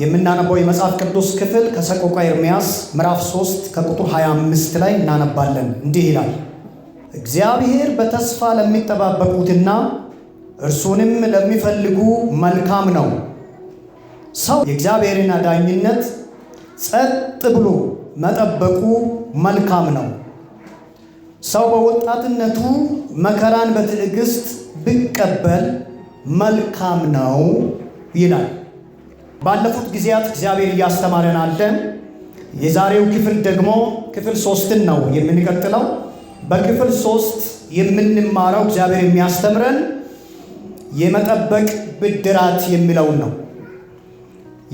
የምናነባው የመጽሐፍ ቅዱስ ክፍል ከሰቆቃ ኤርምያስ ምዕራፍ 3 ከቁጥር 25 ላይ እናነባለን። እንዲህ ይላል፣ እግዚአብሔር በተስፋ ለሚጠባበቁትና እርሱንም ለሚፈልጉ መልካም ነው። ሰው የእግዚአብሔርን አዳኝነት ጸጥ ብሎ መጠበቁ መልካም ነው። ሰው በወጣትነቱ መከራን በትዕግስት ቢቀበል መልካም ነው ይላል። ባለፉት ጊዜያት እግዚአብሔር እያስተማረን አለ። የዛሬው ክፍል ደግሞ ክፍል ሶስትን ነው የምንቀጥለው። በክፍል ሶስት የምንማረው እግዚአብሔር የሚያስተምረን የመጠበቅ ብድራት የሚለውን ነው።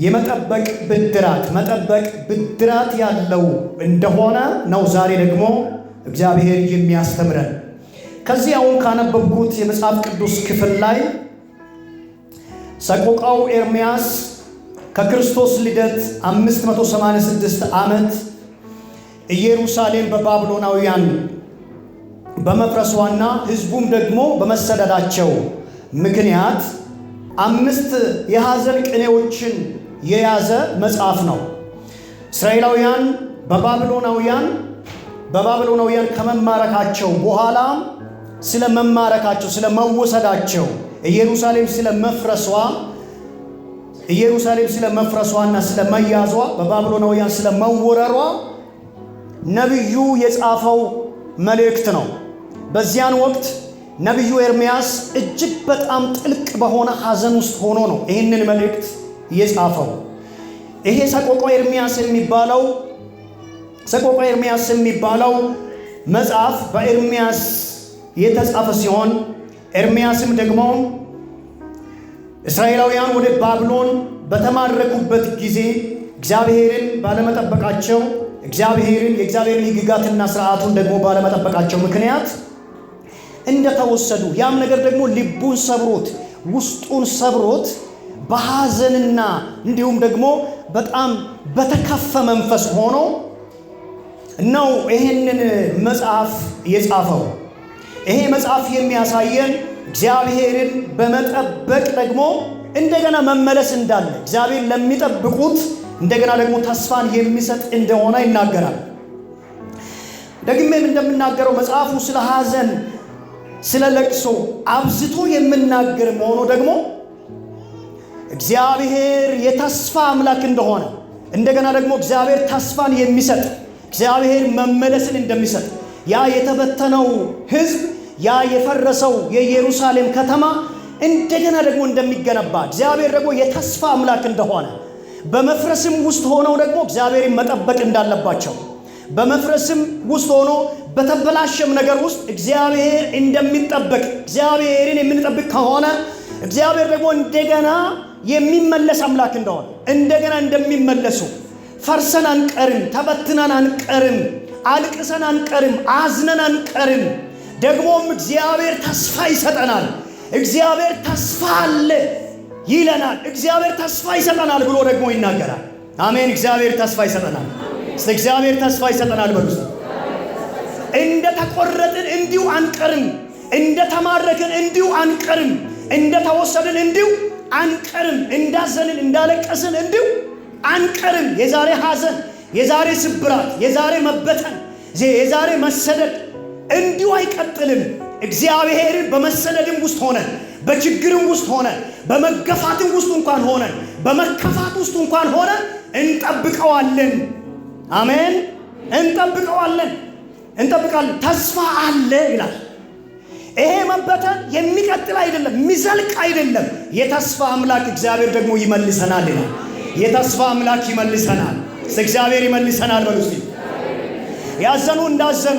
የመጠበቅ ብድራት መጠበቅ ብድራት ያለው እንደሆነ ነው። ዛሬ ደግሞ እግዚአብሔር የሚያስተምረን ከዚህ አሁን ካነበብኩት የመጽሐፍ ቅዱስ ክፍል ላይ ሰቆቃው ኤርምያስ ከክርስቶስ ልደት 586 ዓመት ኢየሩሳሌም በባቢሎናውያን በመፍረሷና ሕዝቡም ደግሞ በመሰደዳቸው ምክንያት አምስት የሐዘን ቅኔዎችን የያዘ መጽሐፍ ነው። እስራኤላውያን በባቢሎናውያን በባቢሎናውያን ከመማረካቸው በኋላ ስለ መማረካቸው ስለ መወሰዳቸው ኢየሩሳሌም ስለ መፍረሷ ኢየሩሳሌም ስለ መፍረሷና በባቢሎናውያን ስለመወረሯ ነቢዩ የጻፈው መልእክት ነው። በዚያን ወቅት ነቢዩ ኤርምያስ እጅግ በጣም ጥልቅ በሆነ ሐዘን ውስጥ ሆኖ ነው ይህንን መልእክት የጻፈው። ይሄ ሰቆቆ ኤርምያስ የሚባለው ሰቆቆ ኤርምያስ የሚባለው መጽሐፍ በኤርምያስ የተጻፈ ሲሆን ኤርምያስም ደግሞ እስራኤላውያን ወደ ባቢሎን በተማረኩበት ጊዜ እግዚአብሔርን ባለመጠበቃቸው እግዚአብሔርን የእግዚአብሔርን ሕግጋትና ስርዓቱን ደግሞ ባለመጠበቃቸው ምክንያት እንደተወሰዱ ያም ነገር ደግሞ ልቡን ሰብሮት ውስጡን ሰብሮት በሐዘንና እንዲሁም ደግሞ በጣም በተከፈ መንፈስ ሆኖ ነው ይህንን መጽሐፍ የጻፈው። ይሄ መጽሐፍ የሚያሳየን እግዚአብሔርን በመጠበቅ ደግሞ እንደገና መመለስ እንዳለ እግዚአብሔር ለሚጠብቁት እንደገና ደግሞ ተስፋን የሚሰጥ እንደሆነ ይናገራል። ደግሜም እንደምናገረው መጽሐፉ ስለ ሐዘን፣ ስለ ለቅሶ አብዝቶ የምናገር መሆኑ ደግሞ እግዚአብሔር የተስፋ አምላክ እንደሆነ እንደገና ደግሞ እግዚአብሔር ተስፋን የሚሰጥ እግዚአብሔር መመለስን እንደሚሰጥ ያ የተበተነው ሕዝብ ያ የፈረሰው የኢየሩሳሌም ከተማ እንደገና ደግሞ እንደሚገነባ እግዚአብሔር ደግሞ የተስፋ አምላክ እንደሆነ በመፍረስም ውስጥ ሆነው ደግሞ እግዚአብሔርን መጠበቅ እንዳለባቸው በመፍረስም ውስጥ ሆኖ በተበላሸም ነገር ውስጥ እግዚአብሔር እንደሚጠበቅ እግዚአብሔርን የምንጠብቅ ከሆነ እግዚአብሔር ደግሞ እንደገና የሚመለስ አምላክ እንደሆነ እንደገና እንደሚመለሱ ፈርሰን አንቀርም፣ ተበትነን አንቀርም፣ አልቅሰን አንቀርም፣ አዝነን አንቀርም። ደግሞም እግዚአብሔር ተስፋ ይሰጠናል። እግዚአብሔር ተስፋ አለ ይለናል። እግዚአብሔር ተስፋ ይሰጠናል ብሎ ደግሞ ይናገራል። አሜን። እግዚአብሔር ተስፋ ይሰጠናል። እስቲ እግዚአብሔር ተስፋ ይሰጠናል በሉ። እንደ ተቆረጥን እንዲሁ አንቀርም፣ እንደ ተማረክን እንዲሁ አንቀርም፣ እንደ ተወሰድን እንዲሁ አንቀርም፣ እንዳዘንን እንዳለቀስን እንዲሁ አንቀርም። የዛሬ ሐዘን፣ የዛሬ ስብራት፣ የዛሬ መበተን፣ የዛሬ መሰደድ እንዲሁ አይቀጥልም። እግዚአብሔርን በመሰደድም ውስጥ ሆነ በችግርም ውስጥ ሆነ በመገፋትም ውስጥ እንኳን ሆነ በመከፋት ውስጥ እንኳን ሆነ እንጠብቀዋለን። አሜን። እንጠብቀዋለን እንጠብቃለን። ተስፋ አለ ይላል። ይሄ መበተን የሚቀጥል አይደለም፣ የሚዘልቅ አይደለም። የተስፋ አምላክ እግዚአብሔር ደግሞ ይመልሰናል ይላል። የተስፋ አምላክ ይመልሰናል። እግዚአብሔር ይመልሰናል። በሉ ያዘኑ እንዳዘኑ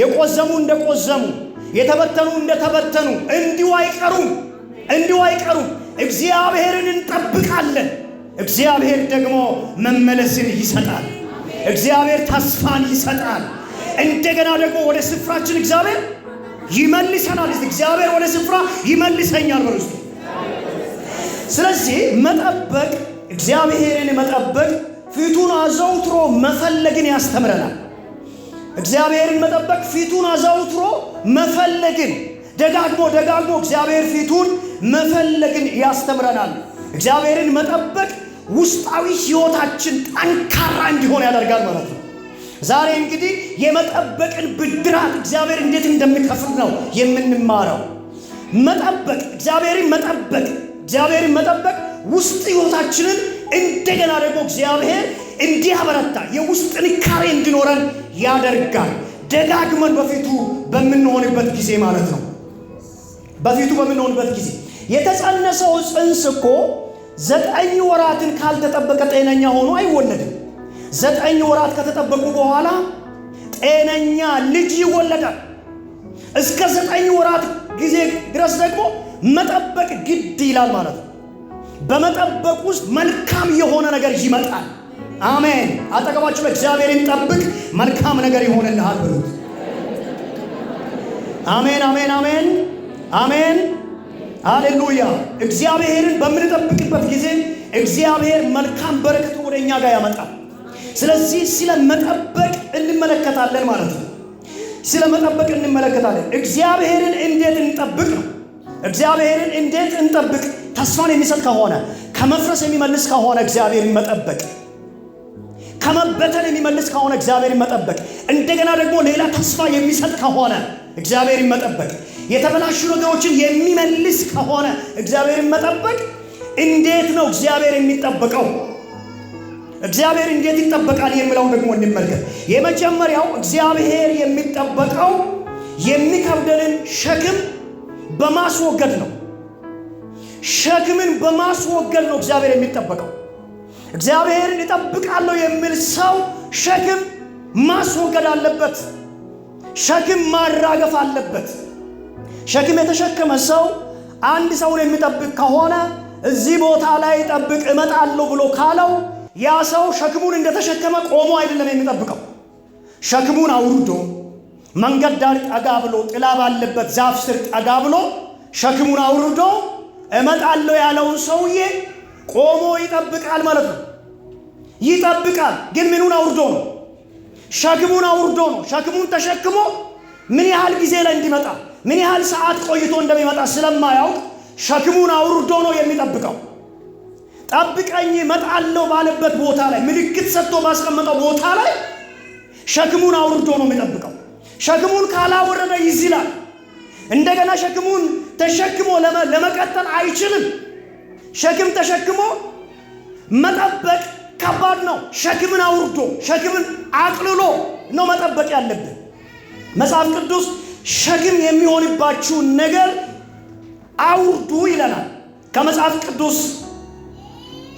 የቆዘሙ እንደቆዘሙ፣ የተበተኑ እንደተበተኑ እንዲሁ አይቀሩም፣ እንዲሁ አይቀሩም። እግዚአብሔርን እንጠብቃለን። እግዚአብሔር ደግሞ መመለስን ይሰጣል። እግዚአብሔር ተስፋን ይሰጣል። እንደገና ደግሞ ወደ ስፍራችን እግዚአብሔር ይመልሰናል። እግዚአብሔር ወደ ስፍራ ይመልሰኛል። በርስቱ። ስለዚህ መጠበቅ፣ እግዚአብሔርን መጠበቅ፣ ፊቱን አዘውትሮ መፈለግን ያስተምረናል። እግዚአብሔርን መጠበቅ ፊቱን አዘውትሮ መፈለግን ደጋግሞ ደጋግሞ እግዚአብሔር ፊቱን መፈለግን ያስተምረናል። እግዚአብሔርን መጠበቅ ውስጣዊ ሕይወታችን ጠንካራ እንዲሆን ያደርጋል ማለት ነው። ዛሬ እንግዲህ የመጠበቅን ብድራት እግዚአብሔር እንዴት እንደሚከፍል ነው የምንማረው። መጠበቅ እግዚአብሔርን መጠበቅ እግዚአብሔርን መጠበቅ ውስጥ ሕይወታችንን እንደገና ደግሞ እግዚአብሔር እንዲያበረታ የውስጥ ጥንካሬ እንዲኖረን ያደርጋል። ደጋግመን በፊቱ በምንሆንበት ጊዜ ማለት ነው። በፊቱ በምንሆንበት ጊዜ የተጸነሰው ጽንስ እኮ ዘጠኝ ወራትን ካልተጠበቀ ጤነኛ ሆኖ አይወለድም። ዘጠኝ ወራት ከተጠበቁ በኋላ ጤነኛ ልጅ ይወለዳል። እስከ ዘጠኝ ወራት ጊዜ ድረስ ደግሞ መጠበቅ ግድ ይላል ማለት ነው። በመጠበቅ ውስጥ መልካም የሆነ ነገር ይመጣል። አሜን። አጠገባችሁ እግዚአብሔርን ጠብቅ፣ መልካም ነገር ይሆንልሃል ብሉት። አሜን፣ አሜን፣ አሜን፣ አሜን። አሌሉያ። እግዚአብሔርን በምንጠብቅበት ጊዜ እግዚአብሔር መልካም በረከቱ ወደ እኛ ጋር ያመጣል። ስለዚህ ስለመጠበቅ እንመለከታለን ማለት ነው። ስለመጠበቅ እንመለከታለን። እግዚአብሔርን እንዴት እንጠብቅ ነው። እግዚአብሔርን እንዴት እንጠብቅ? ተስፋን የሚሰጥ ከሆነ ከመፍረስ የሚመልስ ከሆነ እግዚአብሔርን መጠበቅ ከመበተን የሚመልስ ከሆነ እግዚአብሔር መጠበቅ፣ እንደገና ደግሞ ሌላ ተስፋ የሚሰጥ ከሆነ እግዚአብሔር መጠበቅ፣ የተበላሹ ነገሮችን የሚመልስ ከሆነ እግዚአብሔር መጠበቅ። እንዴት ነው እግዚአብሔር የሚጠበቀው? እግዚአብሔር እንዴት ይጠበቃል የሚለውን ደግሞ እንመልከት። የመጀመሪያው እግዚአብሔር የሚጠበቀው የሚከብደንን ሸክም በማስወገድ ነው። ሸክምን በማስወገድ ነው እግዚአብሔር የሚጠበቀው። እግዚአብሔርን እጠብቃለሁ የሚል ሰው ሸክም ማስወገድ አለበት። ሸክም ማራገፍ አለበት። ሸክም የተሸከመ ሰው አንድ ሰውን የሚጠብቅ ከሆነ እዚህ ቦታ ላይ ጠብቅ እመጣለሁ ብሎ ካለው ያ ሰው ሸክሙን እንደተሸከመ ቆሞ አይደለም የሚጠብቀው። ሸክሙን አውርዶ መንገድ ዳር ጠጋ ብሎ ጥላ ባለበት ዛፍ ስር ጠጋ ብሎ ሸክሙን አውርዶ እመጣለሁ ያለውን ሰውዬ ቆሞ ይጠብቃል ማለት ነው። ይጠብቃል ግን ምኑን አውርዶ ነው? ሸክሙን አውርዶ ነው። ሸክሙን ተሸክሞ ምን ያህል ጊዜ ላይ እንዲመጣ ምን ያህል ሰዓት ቆይቶ እንደሚመጣ ስለማያውቅ ሸክሙን አውርዶ ነው የሚጠብቀው። ጠብቀኝ መጣለው ባለበት ቦታ ላይ ምልክት ሰጥቶ ባስቀመጠው ቦታ ላይ ሸክሙን አውርዶ ነው የሚጠብቀው። ሸክሙን ካላወረደ ይዝላል። እንደገና ሸክሙን ተሸክሞ ለመቀጠል አይችልም። ሸክም ተሸክሞ መጠበቅ ከባድ ነው። ሸክምን አውርዶ ሸክምን አቅልሎ ነው መጠበቅ ያለብን። መጽሐፍ ቅዱስ ሸክም የሚሆንባችሁን ነገር አውርዱ ይለናል። ከመጽሐፍ ቅዱስ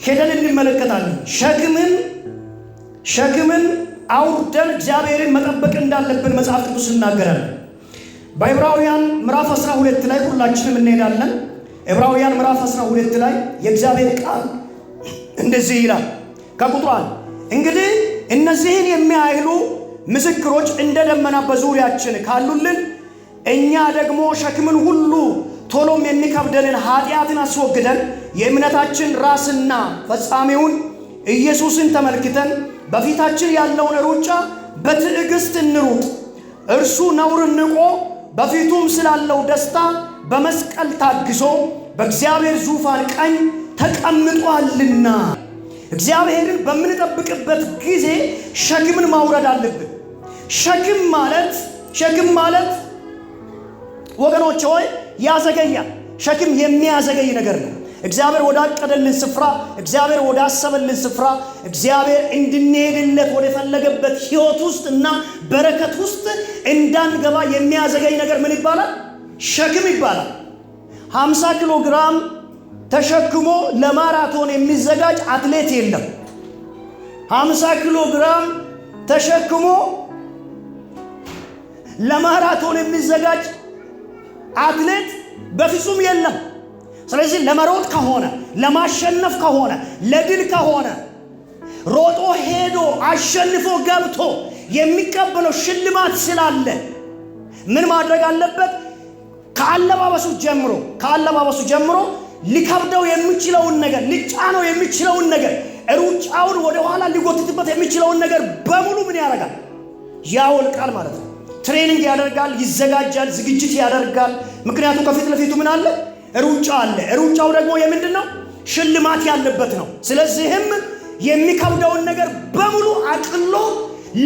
ሄደን እንመለከታለን። ሸክምን ሸክምን አውርደን እግዚአብሔርን መጠበቅ እንዳለብን መጽሐፍ ቅዱስ እናገራለን። በዕብራውያን ምዕራፍ 12 ላይ ሁላችንም እንሄዳለን። ዕብራውያን ምዕራፍ 12 ላይ የእግዚአብሔር ቃል እንደዚህ ይላል። ከቁጥሯል እንግዲህ እነዚህን የሚያህሉ ምስክሮች እንደ ደመና በዙሪያችን ካሉልን እኛ ደግሞ ሸክምን ሁሉ ቶሎም የሚከብደንን ኃጢአትን አስወግደን የእምነታችን ራስና ፈጻሚውን ኢየሱስን ተመልክተን በፊታችን ያለውን ሩጫ በትዕግስት እንሩጥ። እርሱ ነውርን ንቆ በፊቱም ስላለው ደስታ በመስቀል ታግሶ በእግዚአብሔር ዙፋን ቀኝ ተቀምጧልና እግዚአብሔርን በምንጠብቅበት ጊዜ ሸክምን ማውረድ አለብን። ሸክም ማለት ሸክም ማለት ወገኖች ሆይ ያዘገያል። ሸክም የሚያዘገይ ነገር ነው። እግዚአብሔር ወዳቀደልን ስፍራ፣ እግዚአብሔር ወዳሰበልን ስፍራ፣ እግዚአብሔር እንድንሄድለት ወደፈለገበት ሕይወት ውስጥ እና በረከት ውስጥ እንዳንገባ የሚያዘገይ ነገር ምን ይባላል? ሸክም ይባላል። 50 ኪሎ ግራም ተሸክሞ ለማራቶን የሚዘጋጅ አትሌት የለም። 50 ኪሎ ግራም ተሸክሞ ለማራቶን የሚዘጋጅ አትሌት በፍጹም የለም። ስለዚህ ለመሮጥ ከሆነ ለማሸነፍ ከሆነ ለድል ከሆነ ሮጦ ሄዶ አሸንፎ ገብቶ የሚቀበለው ሽልማት ስላለ ምን ማድረግ አለበት? ከአለባበሱ ጀምሮ ከአለባበሱ ጀምሮ ሊከብደው የሚችለውን ነገር ሊጫነው የሚችለውን ነገር ሩጫውን ወደኋላ ሊጎትትበት የሚችለውን ነገር በሙሉ ምን ያደርጋል? ያወልቃል ማለት ነው። ትሬኒንግ ያደርጋል፣ ይዘጋጃል፣ ዝግጅት ያደርጋል። ምክንያቱም ከፊት ለፊቱ ምን አለ? ሩጫ አለ። ሩጫው ደግሞ የምንድን ነው? ሽልማት ያለበት ነው። ስለዚህም የሚከብደውን ነገር በሙሉ አቅሎ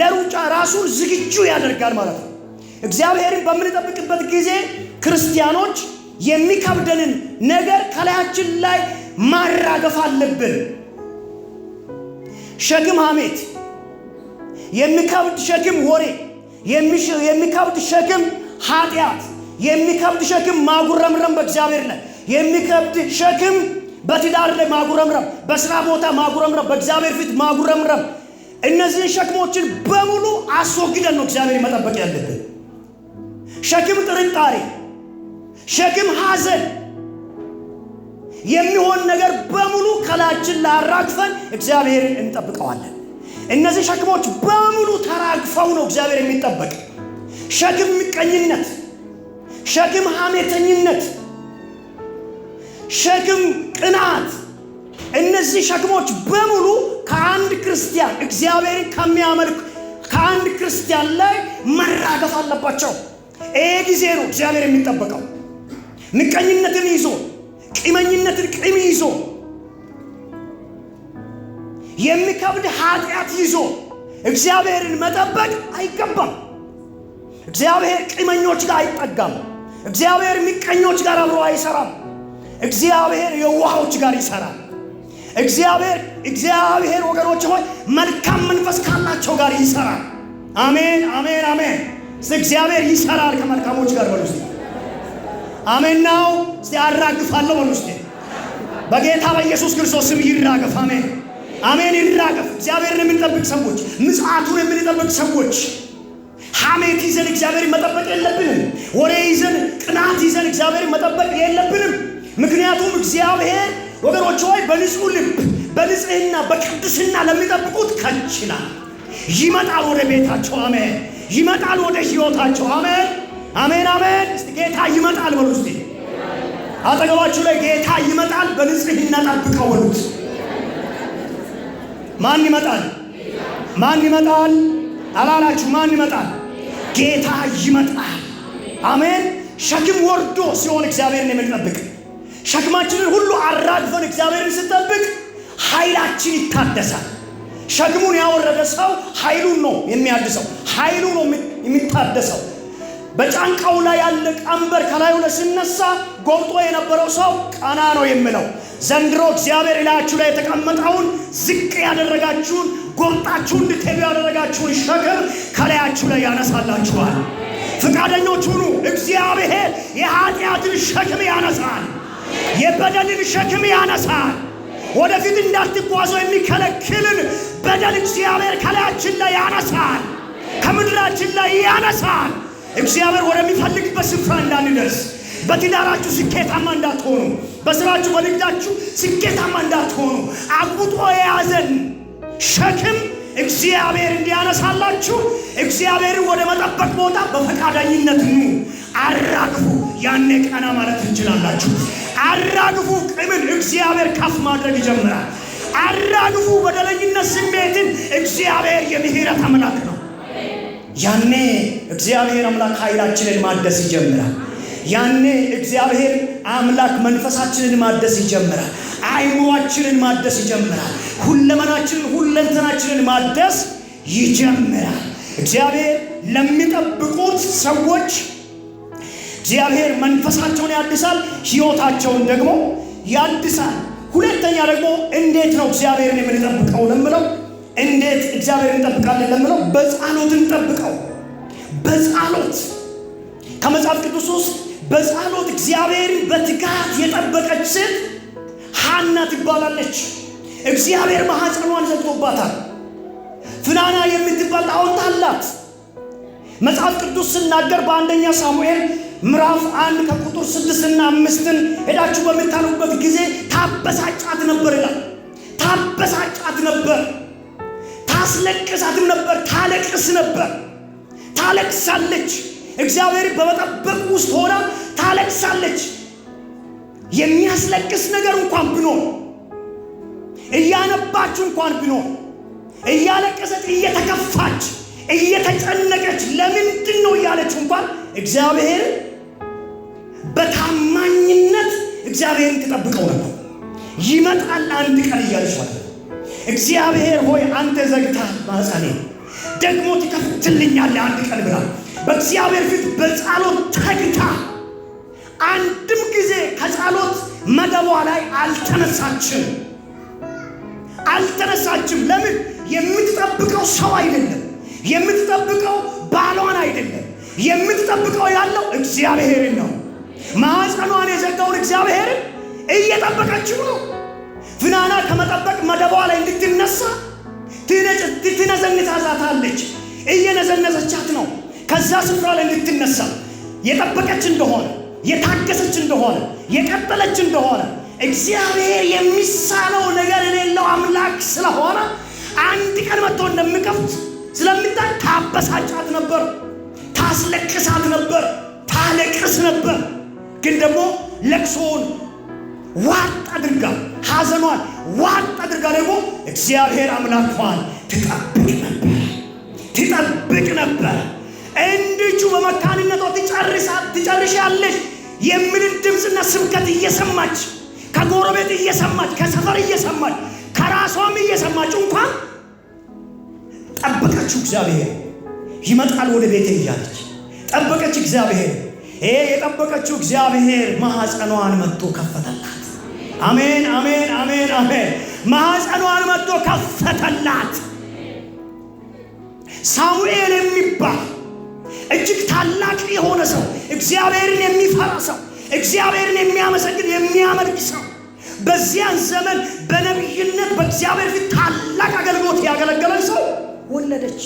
ለሩጫ ራሱን ዝግጁ ያደርጋል ማለት ነው። እግዚአብሔርን በምንጠብቅበት ጊዜ ክርስቲያኖች የሚከብደንን ነገር ከላያችን ላይ ማራገፍ አለብን። ሸክም ሐሜት፣ የሚከብድ ሸክም ወሬ፣ የሚከብድ ሸክም ኃጢአት፣ የሚከብድ ሸክም ማጉረምረም በእግዚአብሔር ላይ የሚከብድ ሸክም በትዳር ላይ ማጉረምረም፣ በስራ ቦታ ማጉረምረም፣ በእግዚአብሔር ፊት ማጉረምረም። እነዚህን ሸክሞችን በሙሉ አስወግደን ነው እግዚአብሔር መጠበቅ ያለብን። ሸክም ጥርጣሬ ሸክም፣ ሐዘን የሚሆን ነገር በሙሉ ከላችን ላራግፈን አራግፈን እግዚአብሔርን እንጠብቀዋለን። እነዚህ ሸክሞች በሙሉ ተራግፈው ነው እግዚአብሔር የሚጠበቅ። ሸክም ምቀኝነት፣ ሸክም ሐሜተኝነት፣ ሸክም ቅናት፣ እነዚህ ሸክሞች በሙሉ ከአንድ ክርስቲያን እግዚአብሔርን ከሚያመልክ ከአንድ ክርስቲያን ላይ መራገፍ አለባቸው። ይሄ ጊዜ ነው እግዚአብሔር የሚጠበቀው። ንቀኝነትን ይዞ ቂመኝነትን ቂም ይዞ የሚከብድ ኃጢአት ይዞ እግዚአብሔርን መጠበቅ አይገባም። እግዚአብሔር ቂመኞች ጋር አይጠጋም። እግዚአብሔር ምቀኞች ጋር አብሮ አይሰራም። እግዚአብሔር የዋሆች ጋር ይሰራል። እግዚአብሔር እግዚአብሔር ወገኖች ሆይ መልካም መንፈስ ካላቸው ጋር ይሰራል። አሜን፣ አሜን፣ አሜን። እግዚአብሔር ይሰራል ከመልካሞች ጋር በሉ አሜን ነው። እስቲ አራግፋለሁ በሉ እስቲ በጌታ በኢየሱስ ክርስቶስ ስም ይራገፍ። አሜን አሜን፣ ይራገፍ። እግዚአብሔርን የምንጠብቅ ሰዎች፣ ምጽአቱን የምንጠብቅ ሰዎች ሐሜት ይዘን እግዚአብሔር መጠበቅ የለብንም። ወሬ ይዘን፣ ቅናት ይዘን እግዚአብሔር መጠበቅ የለብንም። ምክንያቱም እግዚአብሔር ወገኖች ሆይ በንጹህ ልብ በንጽህና በቅድስና ለሚጠብቁት ከችላል። ይመጣል ወደ ቤታቸው አሜን። ይመጣል ወደ ሕይወታቸው አሜን። አሜን አሜን። እስቲ ጌታ ይመጣል በሉ። እስቲ አጠገባችሁ ላይ ጌታ ይመጣል በንጽህና ጠብቀው በሉት። ማን ይመጣል? ማን ይመጣል አላላችሁ? ማን ይመጣል? ጌታ ይመጣል። አሜን። ሸክም ወርዶ ሲሆን እግዚአብሔርን የምንጠብቅ ሸክማችንን ሁሉ አራግፈን እግዚአብሔርን ስንጠብቅ ኃይላችን ይታደሳል። ሸክሙን ያወረደ ሰው ኃይሉን ነው የሚያድሰው፣ ኃይሉ ነው የሚታደሰው። በጫንቃው ላይ ያለ ቀንበር ከላዩ ላይ ሲነሳ ጎብጦ የነበረው ሰው ቀና ነው የሚለው። ዘንድሮ እግዚአብሔር እላያችሁ ላይ የተቀመጠውን ዝቅ ያደረጋችሁን ጎብጣችሁ እንድትሄዱ ያደረጋችሁን ሸክም ከላያችሁ ላይ ያነሳላችኋል። ፈቃደኞች ሁኑ። እግዚአብሔር የኃጢአትን ሸክም ያነሳል። የበደልን ሸክም ያነሳል። ወደፊት እንዳትጓዙ የሚከለክልን በደል እግዚአብሔር ከላያችን ላይ ያነሳል። ከምድራችን ላይ ያነሳል። እግዚአብሔር ወደሚፈልግበት ስፍራ እንዳንደርስ፣ በትዳራችሁ ስኬታማ እንዳትሆኑ፣ በስራችሁ በንግዳችሁ ስኬታማ እንዳትሆኑ አቁጦ የያዘን ሸክም እግዚአብሔር እንዲያነሳላችሁ እግዚአብሔርን ወደ መጠበቅ ቦታ በፈቃደኝነት ኑ። አራግፉ፣ ያኔ ቀና ማለት እንችላላችሁ። አራግፉ ቅምን እግዚአብሔር ከፍ ማድረግ ይጀምራል። አራግፉ በደለኝነት ስሜትን እግዚአብሔር የምሕረት አምላክ ነው። ያኔ እግዚአብሔር አምላክ ኃይላችንን ማደስ ይጀምራል። ያኔ እግዚአብሔር አምላክ መንፈሳችንን ማደስ ይጀምራል። አይምሯችንን ማደስ ይጀምራል። ሁለመናችንን፣ ሁለንተናችንን ማደስ ይጀምራል። እግዚአብሔር ለሚጠብቁት ሰዎች እግዚአብሔር መንፈሳቸውን ያድሳል፣ ሕይወታቸውን ደግሞ ያድሳል። ሁለተኛ ደግሞ እንዴት ነው እግዚአብሔርን የምንጠብቀው ለምለው እንዴት እግዚአብሔር እንጠብቃለን ለምለው በጸሎት እንጠብቀው። በጸሎት ከመጽሐፍ ቅዱስ ውስጥ በጸሎት እግዚአብሔር በትጋት የጠበቀች ሴት ሐና ትባላለች። እግዚአብሔር ማኅፀኗን ዘግቶባታል። ፍናና የምትባል ጣዖት አላት። መጽሐፍ ቅዱስ ስናገር በአንደኛ ሳሙኤል ምዕራፍ አንድ ከቁጥር ስድስትና አምስትን ሄዳችሁ በምታነቡበት ጊዜ ታበሳጫት ነበር ይላል። ታበሳጫት ነበር ታስለቅሳትም ነበር፣ ታለቅስ ነበር፣ ታለቅሳለች። እግዚአብሔር በመጠበቅ ውስጥ ሆና ታለቅሳለች። የሚያስለቅስ ነገር እንኳን ብኖር እያነባች እንኳን ብኖር እያለቀሰች እየተከፋች እየተጨነቀች ለምንድን ነው እያለች እንኳን እግዚአብሔር በታማኝነት እግዚአብሔርን ትጠብቀው ነበር። ይመጣል አንድ ቀን እያለች ማለት እግዚአብሔር ሆይ አንተ ዘግታ ማኅፀኔን ደግሞ ትከፍትልኛለ አንድ ቀን ብላ በእግዚአብሔር ፊት በጸሎት ተግታ አንድም ጊዜ ከጸሎት መደቧ ላይ አልተነሳችም አልተነሳችም። ለምን? የምትጠብቀው ሰው አይደለም። የምትጠብቀው ባሏን አይደለም። የምትጠብቀው ያለው እግዚአብሔርን ነው። ማኅፀኗን የዘጋውን እግዚአብሔርን እየጠበቀችው ነው። ፍናና ከመጠበቅ መደቧ ላይ እንድትነሳ ትነዘንታዛታለች። እየነዘነዘቻት ነው ከዛ ስፍራ ላይ እንድትነሳ የጠበቀች እንደሆነ የታገሰች እንደሆነ የቀጠለች እንደሆነ እግዚአብሔር የሚሳነው ነገር የሌለው አምላክ ስለሆነ አንድ ቀን መጥቶ እንደሚከፍት ስለምታይ ታበሳጫት ነበር፣ ታስለቅሳት ነበር፣ ታለቅስ ነበር። ግን ደግሞ ለቅሶውን ዋጥ አድርጋል። ሐዘኗን ዋጥ አድርጋ ደግሞ እግዚአብሔር አምላኳን ትጠብቅ ነበር ትጠብቅ ነበር። እንድጁ በመካንነቷ ትጨርሻለሽ የምንን ድምፅና ስብከት እየሰማች ከጎረቤት እየሰማች ከሰፈር እየሰማች ከራሷም እየሰማች እንኳን ጠበቀችው። እግዚአብሔር ይመጣል ወደ ቤቴ እያለች ጠበቀች። እግዚአብሔር ይሄ የጠበቀችው እግዚአብሔር ማኅፀኗን መጥቶ ከፈተላት። አሜን፣ አሜን፣ አሜን፣ አሜን። ማኅፀኗን መጥቶ ከፈተላት። ሳሙኤል የሚባል እጅግ ታላቅ የሆነ ሰው፣ እግዚአብሔርን የሚፈራ ሰው፣ እግዚአብሔርን የሚያመሰግን የሚያመልክ ሰው በዚያን ዘመን በነቢይነት በእግዚአብሔር ፊት ታላቅ አገልግሎት ያገለገለን ሰው ወለደች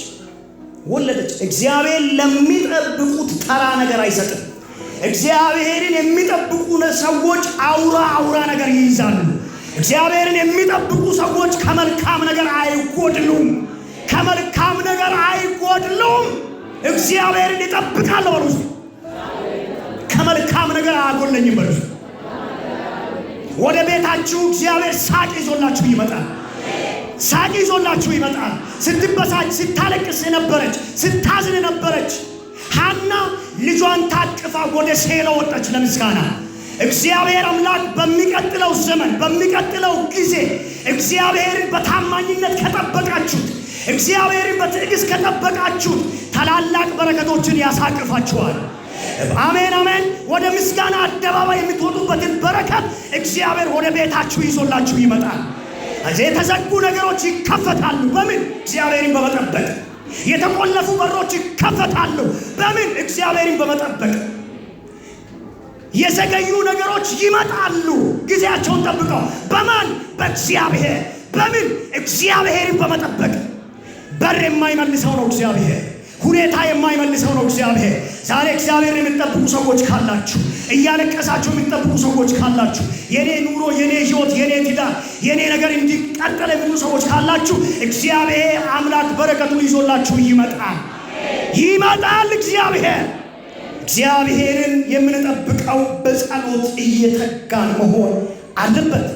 ወለደች። እግዚአብሔር ለሚጠብቁት ተራ ነገር አይሰጥም። እግዚአብሔርን የሚጠብቁ ሰዎች አውራ አውራ ነገር ይይዛሉ። እግዚአብሔርን የሚጠብቁ ሰዎች ከመልካም ነገር አይጎድሉም። ከመልካም ነገር አይጎድሉም። እግዚአብሔርን ይጠብቃል በሉ። ከመልካም ነገር አያጎለኝም በሉ። ወደ ቤታችሁ እግዚአብሔር ሳቅ ይዞላችሁ ይመጣል። ሳቅ ይዞላችሁ ይመጣል። ስትበሳጭ፣ ስታለቅስ የነበረች ስታዝን የነበረች ሐና ልጇን ታቅፋ ወደ ሴሎ ወጣች ለምስጋና። እግዚአብሔር አምላክ በሚቀጥለው ዘመን በሚቀጥለው ጊዜ እግዚአብሔርን በታማኝነት ከጠበቃችሁት፣ እግዚአብሔርን በትዕግሥት ከጠበቃችሁት ታላላቅ በረከቶችን ያሳቅፋችኋል። አሜን አሜን። ወደ ምስጋና አደባባይ የምትወጡበትን በረከት እግዚአብሔር ወደ ቤታችሁ ይዞላችሁ ይመጣል። የተዘጉ ነገሮች ይከፈታሉ። በምን? እግዚአብሔርን በመጠበቅ የተቆለፉ በሮች ይከፈታሉ። በምን? እግዚአብሔርን በመጠበቅ የዘገዩ ነገሮች ይመጣሉ። ጊዜያቸውን ጠብቀው በማን? በእግዚአብሔር። በምን? እግዚአብሔርን በመጠበቅ በር የማይመልሰው ነው እግዚአብሔር። ሁኔታ የማይመልሰው ነው እግዚአብሔር። ዛሬ እግዚአብሔር የምጠብቁ ሰዎች ካላችሁ፣ እያለቀሳችሁ የምጠብቁ ሰዎች ካላችሁ፣ የኔ ኑሮ፣ የኔ ህይወት፣ የኔ ትዳር፣ የኔ ነገር እንዲቀጠል የምትሉ ሰዎች ካላችሁ እግዚአብሔር አምላክ በረከቱን ይዞላችሁ ይመጣል፣ ይመጣል። እግዚአብሔር እግዚአብሔርን የምንጠብቀው በጸሎት እየተጋን መሆን አለበት።